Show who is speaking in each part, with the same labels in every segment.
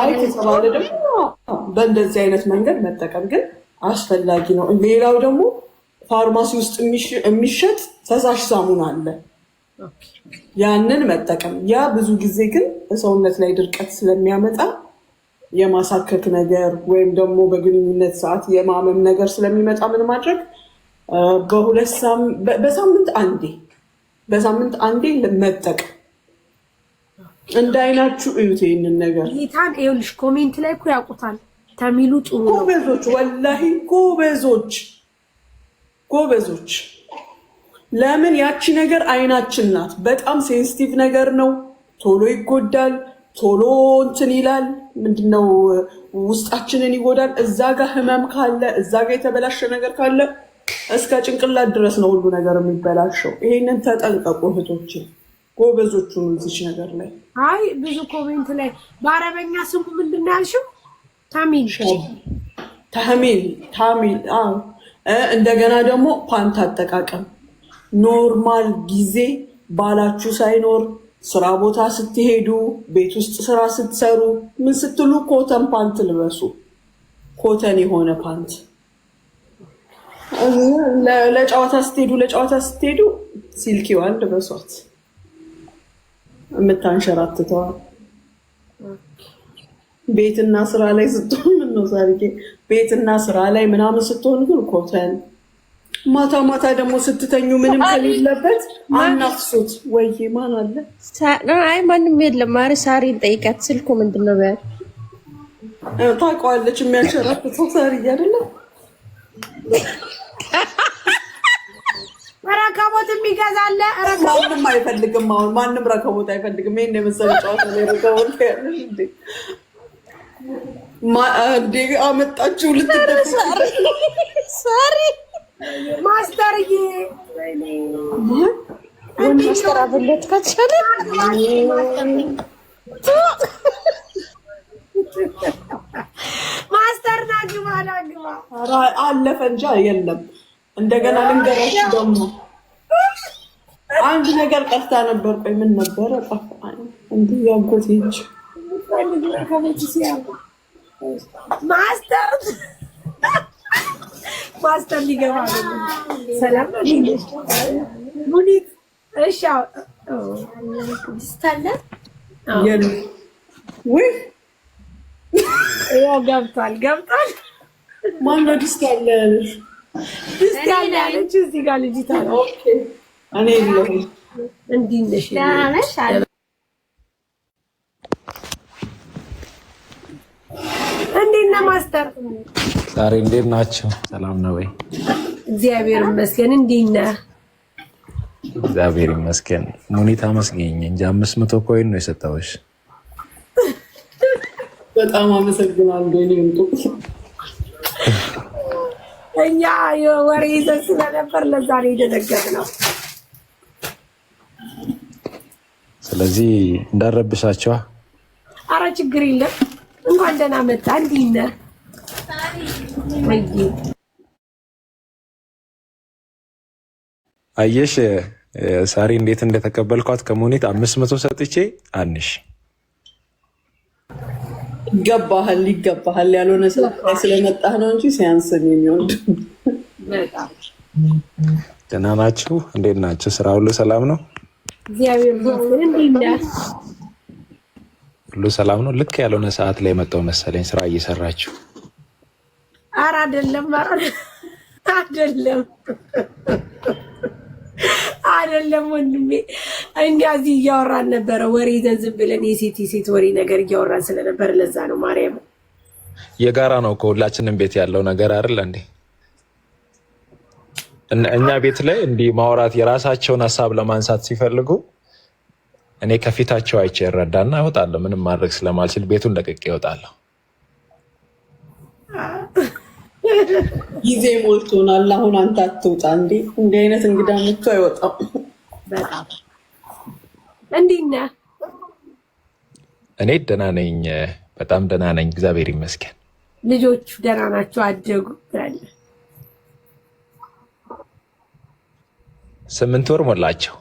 Speaker 1: አይ ከተባለ ደግሞ በእንደዚህ አይነት መንገድ መጠቀም ግን አስፈላጊ ነው። ሌላው ደግሞ ፋርማሲ ውስጥ የሚሸጥ ፈሳሽ ሳሙና አለ። ያንን መጠቀም ያ ብዙ ጊዜ ግን ሰውነት ላይ ድርቀት ስለሚያመጣ የማሳከክ ነገር ወይም ደግሞ በግንኙነት ሰዓት የማመም ነገር ስለሚመጣ ምን ማድረግ በሁለት በሳምንት አንዴ በሳምንት አንዴ መጠቀም እንዳይናችሁ እዩት ይህንን ነገር
Speaker 2: ጌታን። ይኸውልሽ ኮሜንት ላይ እኮ ያውቁታል ተሚሉ ጥሩ ነው።
Speaker 1: ጎበዞች፣ ወላሂ ጎበዞች፣ ጎበዞች። ለምን ያቺ ነገር አይናችን ናት። በጣም ሴንሲቲቭ ነገር ነው። ቶሎ ይጎዳል፣ ቶሎ እንትን ይላል። ምንድነው ውስጣችንን ይጎዳል። እዛ ጋር ህመም ካለ፣ እዛ ጋር የተበላሸ ነገር ካለ እስከ ጭንቅላት ድረስ ነው ሁሉ ነገር የሚበላሸው። ይሄንን ተጠንቀቁ እህቶችን። ጎበዞቹ እዚች ነገር ላይ
Speaker 2: አይ ብዙ ኮሜንት ላይ በአረበኛ ስሙ ምንድን ነው ያልሽው? ታሚል
Speaker 1: ታሚል ታሚል። አዎ እንደገና ደግሞ ፓንት አጠቃቀም ኖርማል ጊዜ ባላችሁ ሳይኖር ስራ ቦታ ስትሄዱ፣ ቤት ውስጥ ስራ ስትሰሩ ምን ስትሉ ኮተን ፓንት ልበሱ። ኮተን የሆነ ፓንት ለጨዋታ ስትሄዱ ለጨዋታ ስትሄዱ ሲልኪዋን ልበሷት። የምታንሸራትተዋል። ቤትና ስራ ላይ ስትሆን ምነው ዛርጌ ቤትና ስራ ላይ ምናምን ስትሆን ግን ኮተን ማታ ማታ ደግሞ ስትተኙ ምንም ከሌለበት አናፍሱት። ወይ ማን አለ?
Speaker 2: አይ ማንም የለም። ማሪ ሳሪን ጠይቃት። ስልኩ ምንድን ነው
Speaker 1: ቢያል ታውቀዋለች። የሚያንሸራትተው ሳሪ እያደለም
Speaker 2: ረከቦት የሚገዛለ
Speaker 1: ማንም አይፈልግም። አሁን ማንም ረከቦት አይፈልግም። ይሄን የመሰለ ጨዋታ ረከቦት እንዴ አመጣችሁ
Speaker 2: ልትደርስ ሰሪ ማስተርዬ ማስተር አብለት ከቻለ ማስተር ናግባ ናግባ
Speaker 1: አለፈ እንጃ የለም እንደገና ልንገራችሁ ደግሞ አንድ ነገር ቀርታ ነበር። ቆይ ምን ነበረ? ጠፋኝ። እንዲህ ያጎት ልጅ
Speaker 2: ማስተር ማስተር ሊገባ ሰላም ሙኒት እሻ ስታለ ወይ ያው ገብቷል ገብቷል
Speaker 1: ማን ነው ዲስት ያለ ያለሽ
Speaker 2: ያለች እዚህ ጋር ልጅታ
Speaker 1: እኔ እንዴት
Speaker 2: ነህ ማስተር?
Speaker 3: ዛሬ እንዴት ናቸው? ሰላም ነው ወይ?
Speaker 2: እግዚአብሔር ይመስገን። እንዴት ነህ?
Speaker 3: እግዚአብሔር ይመስገን። ሙኒት አመስገኝ እንጂ አምስት መቶ ኮይን ነው የሰጠሁሽ።
Speaker 1: በጣም አመሰግናለሁ።
Speaker 2: እኛ ወሬ ይዘን ስለነበር ለዛ ነው የደነገጥነው።
Speaker 3: ስለዚህ እንዳረብሻቸዋ።
Speaker 2: አረ ችግር የለም። እንኳን ደህና መጣ። እንዲህ ነህ
Speaker 3: አየሽ፣ ሳሪ እንዴት እንደተቀበልኳት ከመሆኔት አምስት መቶ ሰጥቼ አንሽ
Speaker 1: ይገባሃል ይገባሃል ያልሆነ ስራ ስለመጣህ ነው እንጂ ሲያንስን የሚወድ
Speaker 3: ደህና ናችሁ? እንዴት ናቸው? ስራ ሁሉ ሰላም ነው? ሁሉ ሰላም ነው። ልክ ያልሆነ ሰዓት ላይ መጣው መሰለኝ። ስራ እየሰራችሁ?
Speaker 2: ኧረ አይደለም፣ አይደለም አይደለም ወንድሜ፣ እንዲያዚህ እያወራን ነበረ ወሬ ይዘን ዝም ብለን የሴት የሴት ወሬ ነገር እያወራን ስለነበር ለዛ ነው። ማርያም
Speaker 3: የጋራ ነው ከሁላችንም ቤት ያለው ነገር አይደል እንዴ? እኛ ቤት ላይ እንዲህ ማውራት የራሳቸውን ሀሳብ ለማንሳት ሲፈልጉ እኔ ከፊታቸው አይቼ እረዳና እወጣለሁ። ምንም ማድረግ ስለማልችል ቤቱን ለቅቄ እወጣለሁ።
Speaker 1: ጊዜ ሞልቶናል። አሁን አንተ አትውጣ እንዴ! እንዲህ አይነት እንግዳ ምቶ አይወጣም።
Speaker 2: በጣም እንዴት ነህ?
Speaker 3: እኔ ደህና ነኝ፣ በጣም ደህና ነኝ፣ እግዚአብሔር ይመስገን።
Speaker 2: ልጆቹ ደህና ናቸው? አደጉ?
Speaker 3: ስምንት ወር ሞላቸው።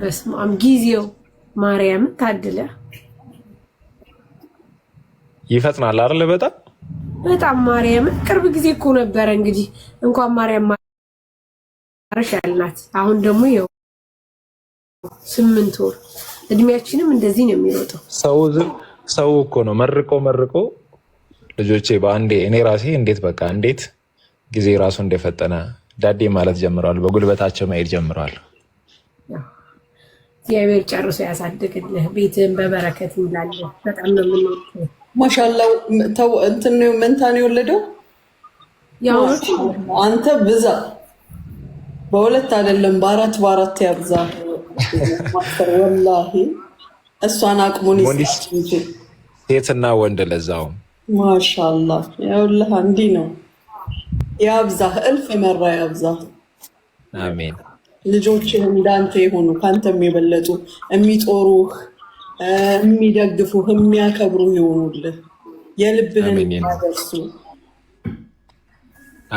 Speaker 2: በስመ አብ ጊዜው ማርያም ታድለ
Speaker 3: ይፈጥናል አለ በጣም
Speaker 2: በጣም ማርያም ቅርብ ጊዜ እኮ ነበረ እንግዲህ እንኳን ማርያም ማረሽ ያልናት። አሁን ደግሞ ይኸው ስምንት ወር እድሜያችንም እንደዚህ ነው የሚሮጠው።
Speaker 3: ሰው ሰው እኮ ነው መርቆ መርቆ ልጆቼ በአንዴ እኔ ራሴ እንዴት በቃ እንዴት ጊዜ ራሱ እንደፈጠነ ዳዴ ማለት ጀምረዋል። በጉልበታቸው መሄድ ጀምረዋል።
Speaker 2: እግዚአብሔር ጨርሶ ያሳድግልህ፣ ቤትህን በበረከት ይላለ።
Speaker 1: በጣም ነው የምንወድ ማሻላው ተው እንትን መንታ ነው የወለደው። አንተ ብዛ በሁለት አይደለም በአራት በአራት ያብዛ። ወላሂ እሷን አቅሙን
Speaker 3: ሴትና ወንድ ለዛው
Speaker 1: ማሻላ ያውልህ እንዲህ ነው ያብዛ እልፍ መራ ያብዛ አሜን። ልጆችህ እንዳንተ የሆኑ ከአንተም የበለጡ የሚጦሩህ የሚደግፉ የሚያከብሩ ይሆኑልህ። የልብህን
Speaker 3: የሚያደርሱ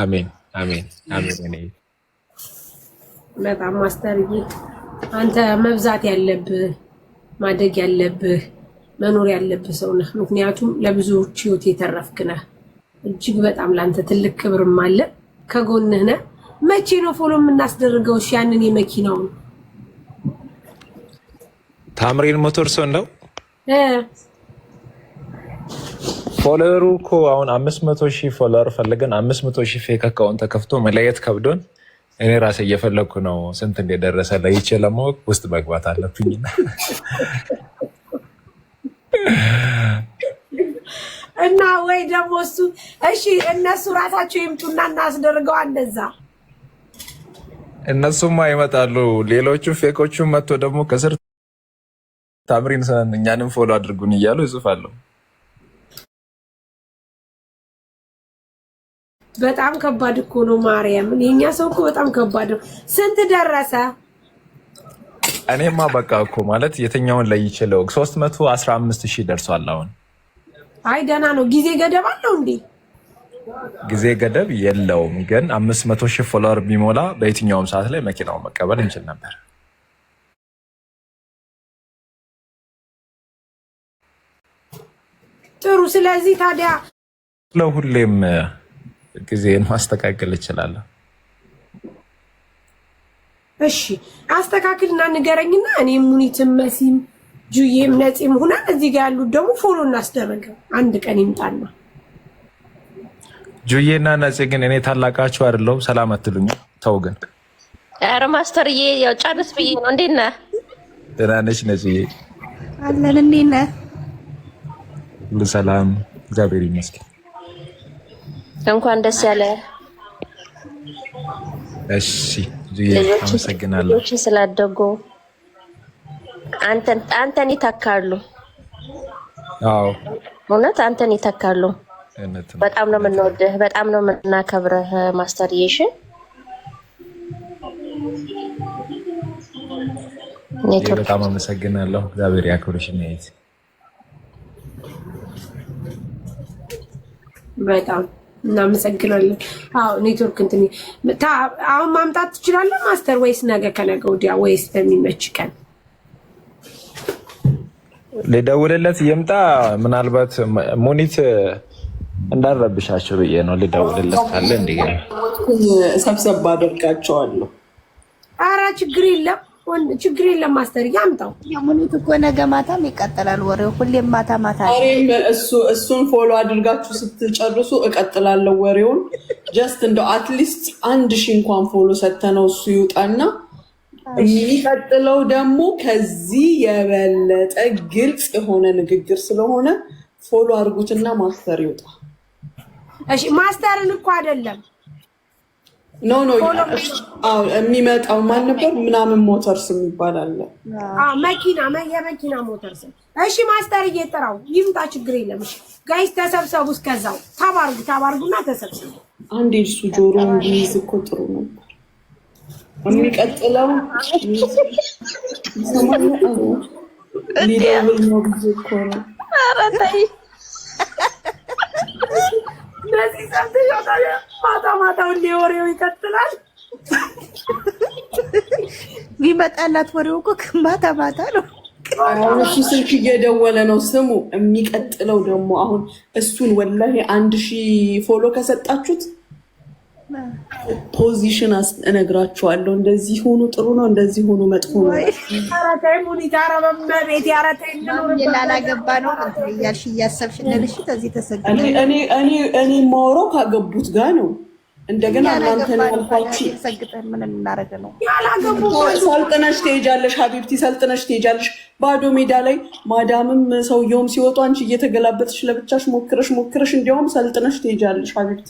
Speaker 3: አሜን አሜን አሜን።
Speaker 2: በጣም ማስተርዬ አንተ መብዛት ያለብህ ማደግ ያለብህ መኖር ያለብህ ሰው ነህ። ምክንያቱም ለብዙዎች ህይወት የተረፍክ ነህ። እጅግ በጣም ለአንተ ትልቅ ክብርም አለ። ከጎንህ ነህ። መቼ ነው ፎሎ የምናስደርገው? ያንን የመኪናውን
Speaker 3: ታምሬን ሞተር ሰው እንደው ፎሎወሩ እኮ አሁን አምስት መቶ ሺህ ፎሎወር ፈልገን አምስት መቶ ሺህ ፌክ አካውንት ተከፍቶ መለየት ከብዶን እኔ ራሴ እየፈለግኩ ነው። ስንት እንደደረሰ ለይቼ ለማወቅ ውስጥ መግባት አለብኝ።
Speaker 2: እና ወይ ደግሞ እሱ እሺ፣ እነሱ ራሳቸው ይምጡና እናስደርገው እንደዛ።
Speaker 3: እነሱማ ይመጣሉ። ሌሎቹ ፌኮቹ መጥቶ ደግሞ ከስር ታምሪን ሰነን እኛንም ፎሎ አድርጉን እያሉ ይጽፋሉ።
Speaker 2: በጣም ከባድ እኮ ነው ማርያምን። የኛ ሰው እኮ በጣም ከባድ ነው። ስንት ደረሰ?
Speaker 3: እኔማ በቃ እኮ ማለት የትኛውን ላይ ይችለው 315 ሺህ ደርሷል። አሁን
Speaker 2: አይ ደህና ነው። ጊዜ ገደብ አለው እንዴ?
Speaker 3: ጊዜ ገደብ የለውም፣ ግን 500 ሺህ ፎሎወር ቢሞላ በየትኛውም ሰዓት ላይ መኪናውን መቀበል እንችል ነበር።
Speaker 2: ጥሩ። ስለዚህ ታዲያ
Speaker 3: ለሁሌም ጊዜን ማስተካከል እችላለሁ።
Speaker 2: እሺ አስተካክልና ንገረኝና እኔም ሙኒትም መሲም ጁዬም ነፂም ሁና እዚህ ጋር ያሉት ደግሞ ፎሎ እናስደረገው አንድ ቀን ይምጣና
Speaker 3: ጁዬና ነፂ ግን እኔ ታላቃችሁ አይደለሁም። ሰላም አትሉኝ። ተው ግን
Speaker 4: ኧረ ማስተርዬ ያው ጨርስ ብዬ ነው። እንዴት ነህ?
Speaker 3: ደህና ነሽ ነፂዬ?
Speaker 2: አለን እንዴት ነህ?
Speaker 3: ሰላም፣ እግዚአብሔር ይመስገን።
Speaker 4: እንኳን ደስ ያለ።
Speaker 3: እሺ፣ አመሰግናለሁ። ልጆች
Speaker 4: ስላደጉ አንተን አንተን ይተካሉ። አዎ፣ እውነት አንተን ይተካሉ። በጣም ነው የምንወድህ፣ በጣም ነው የምናከብረህ ማስተር
Speaker 3: በጣም አመሰግናለሁ። እግዚአብሔር ያክብርሽ።
Speaker 2: በጣም እናመሰግናለን። አዎ ኔትወርክ እንትን አሁን ማምጣት ትችላለን ማስተር፣ ወይስ ነገ ከነገ ወዲያ ወይስ በሚመች ቀን
Speaker 3: ልደውልለት የምጣ። ምናልባት ሙኒት እንዳረብሻቸው ብዬ ነው ልደውልለት ካለ እንዲ
Speaker 1: ሰብሰብ አደርጋቸዋለሁ።
Speaker 2: አራ ችግር የለም። ችግር የለም ማስተር ያምጣው። ሙኒት እኮ ነገ ማታም ይቀጥላል ወሬው፣ ሁሌም ማታ ማታ።
Speaker 1: እሱን ፎሎ አድርጋችሁ ስትጨርሱ እቀጥላለሁ ወሬውን። ጀስት እንደው አትሊስት አንድ ሺህ እንኳን ፎሎ ሰተነው እሱ ይውጣና የሚቀጥለው ደግሞ ከዚህ የበለጠ ግልጽ የሆነ ንግግር ስለሆነ ፎሎ አድርጉትና ማስተር ይውጣ።
Speaker 2: ማስተርን እኮ አይደለም
Speaker 1: ኖ ኖ የሚመጣው ማን ነበር? ምናምን ሞተርስ የሚባል አለ
Speaker 2: መኪና የመኪና ሞተርስ። እሺ ማስተር እየጠራው ይምጣ፣ ችግር የለም። ጋይስ ተሰብሰቡ፣ እስከዛው ተባርጉ፣ ተባርጉና ተሰብሰቡ።
Speaker 1: አንዴ እሱ ጆሮ እንዲይዝ እኮ ጥሩ ነበር። የሚቀጥለው ሊደውል ነው ጊዜ እኮ ነው።
Speaker 2: በዚህ ሰምተሻታል። ማታ ማታ ሁሌ ወሬው ይቀጥላል። ቢመጣላት ወሬው እኮ ማታ ማታ ነው።
Speaker 1: እሱ ስልክ እየደወለ ነው። ስሙ፣ የሚቀጥለው ደግሞ አሁን እሱን ወላሂ አንድ ሺህ ፎሎ ከሰጣችሁት ፖዚሽን እነግራችኋለሁ። እንደዚህ ሆኖ ጥሩ ነው፣ እንደዚህ ሆኖ መጥፎ ነው።
Speaker 2: ላላገባ ነው እያልሽ እያሰብሽ ነሽ። ከዚህ
Speaker 1: እኔ የማወራው ካገቡት ጋር ነው። እንደገና እናንተን ያልኳችሁ ሰልጥነሽ ትሄጃለሽ፣ ሀቢብቲ ሰልጥነሽ ትሄጃለሽ። ባዶ ሜዳ ላይ ማዳምም ሰውየውም ሲወጡ አንቺ እየተገላበጥሽ ለብቻሽ ሞክረሽ ሞክረሽ፣ እንዲያውም ሰልጥነሽ ትሄጃለሽ ሀቢብቲ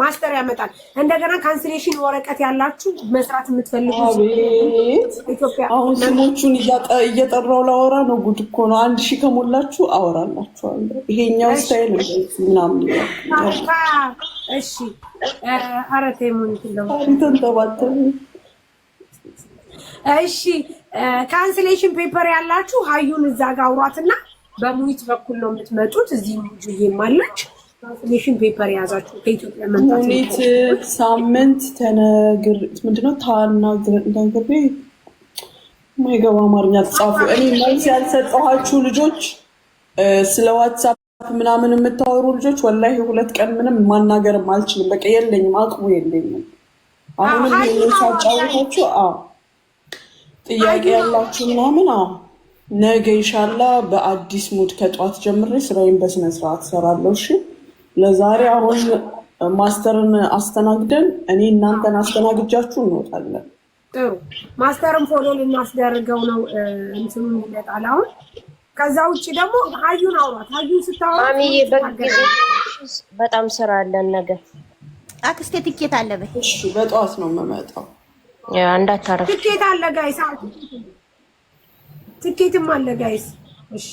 Speaker 2: ማስተር ያመጣል። እንደገና ካንስሌሽን ወረቀት ያላችሁ መስራት የምትፈልጉ
Speaker 1: ኢትዮጵያ አሁን ስሞቹን እየጠራው ላወራ ነው። ጉድ እኮ ነው። አንድ ሺህ ከሞላችሁ አወራላችኋለሁ። ይሄኛው ስታይል
Speaker 2: ምናምን እሺ። ኧረ ተይ
Speaker 1: ተንተባተቡ።
Speaker 2: እሺ ካንስሌሽን ፔፐር ያላችሁ ሀዩን እዛ ጋር አውሯትና በሙኒት በኩል ነው የምትመጡት። እዚህ ሙጁ ይማለች ቫክሲኔሽን ፔፐር የያዛችሁ
Speaker 1: ከኢትዮጵያ መምጣት ሳምንት ተነግር ምንድነው ታናግሬ ማይገባ አማርኛ ተጻፉ። እኔ መልስ ያልሰጠኋችሁ ልጆች ስለ ዋትሳፕ ምናምን የምታወሩ ልጆች ወላሂ ሁለት ቀን ምንም ማናገርም አልችልም። በቃ የለኝም፣ አቅሙ የለኝም። አሁንም ሳጫወታችሁ ጥያቄ ያላችሁ ምናምን ነገ ይሻላ በአዲስ ሙድ ከጠዋት ጀምሬ ስራዬን በስነስርዓት ሰራለሁ። እሺ ለዛሬ አሁን ማስተርን አስተናግደን እኔ እናንተን አስተናግጃችሁ እንወጣለን።
Speaker 2: ጥሩ ማስተርን ፎሎ ልናስደርገው ነው እንትኑ ይለጣል። አሁን ከዛ ውጭ ደግሞ ሀዩን አውሯት። ሀዩን
Speaker 4: ስታወራ በጣም ስራ አለን። ነገር አክስቴ ትኬት አለ በይ።
Speaker 1: በጠዋት ነው የምመጣው።
Speaker 4: እንዳታረፍ
Speaker 2: ትኬት አለ ጋይስ፣ ትኬትም አለ ጋይስ። እሺ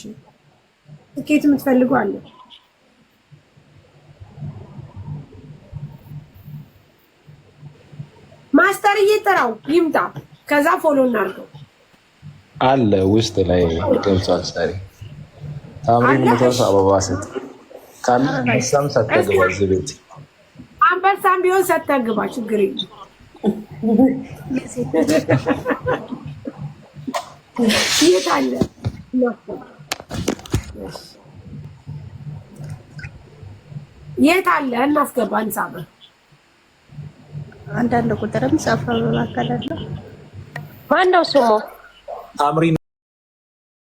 Speaker 2: ትኬት የምትፈልጉ አለ ማስተር እየጠራው ይምጣ። ከዛ ፎሎ እናርገው
Speaker 3: አለ ውስጥ ላይ ገብቷል። ሳሪ ታምሪን ምታስ አበባ ሰጥ ካለ አንበሳም ሳታገባ እዚህ ቤት
Speaker 2: አንበሳም ቢሆን ሳታገባ ችግር የለም። የት አለ የት አለ እናስገባ እንሳበ አንዳንድ ቁጥርም ጻፈ በማካለለ ማን ነው ስሙ? አምሪ